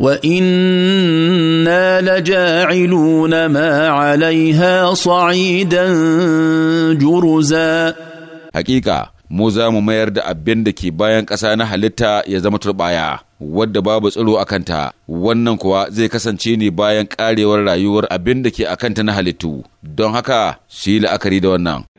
وانا لجاعلون ما عليها صعيدا جرزا حقيقه mu za mu mayar da abin da ke bayan ƙasa na halitta ya zama turɓaya wadda babu tsiro a kanta wannan kuwa zai kasance ne bayan ƙarewar rayuwar abin da ke a kanta na halittu don haka su yi la'akari da wannan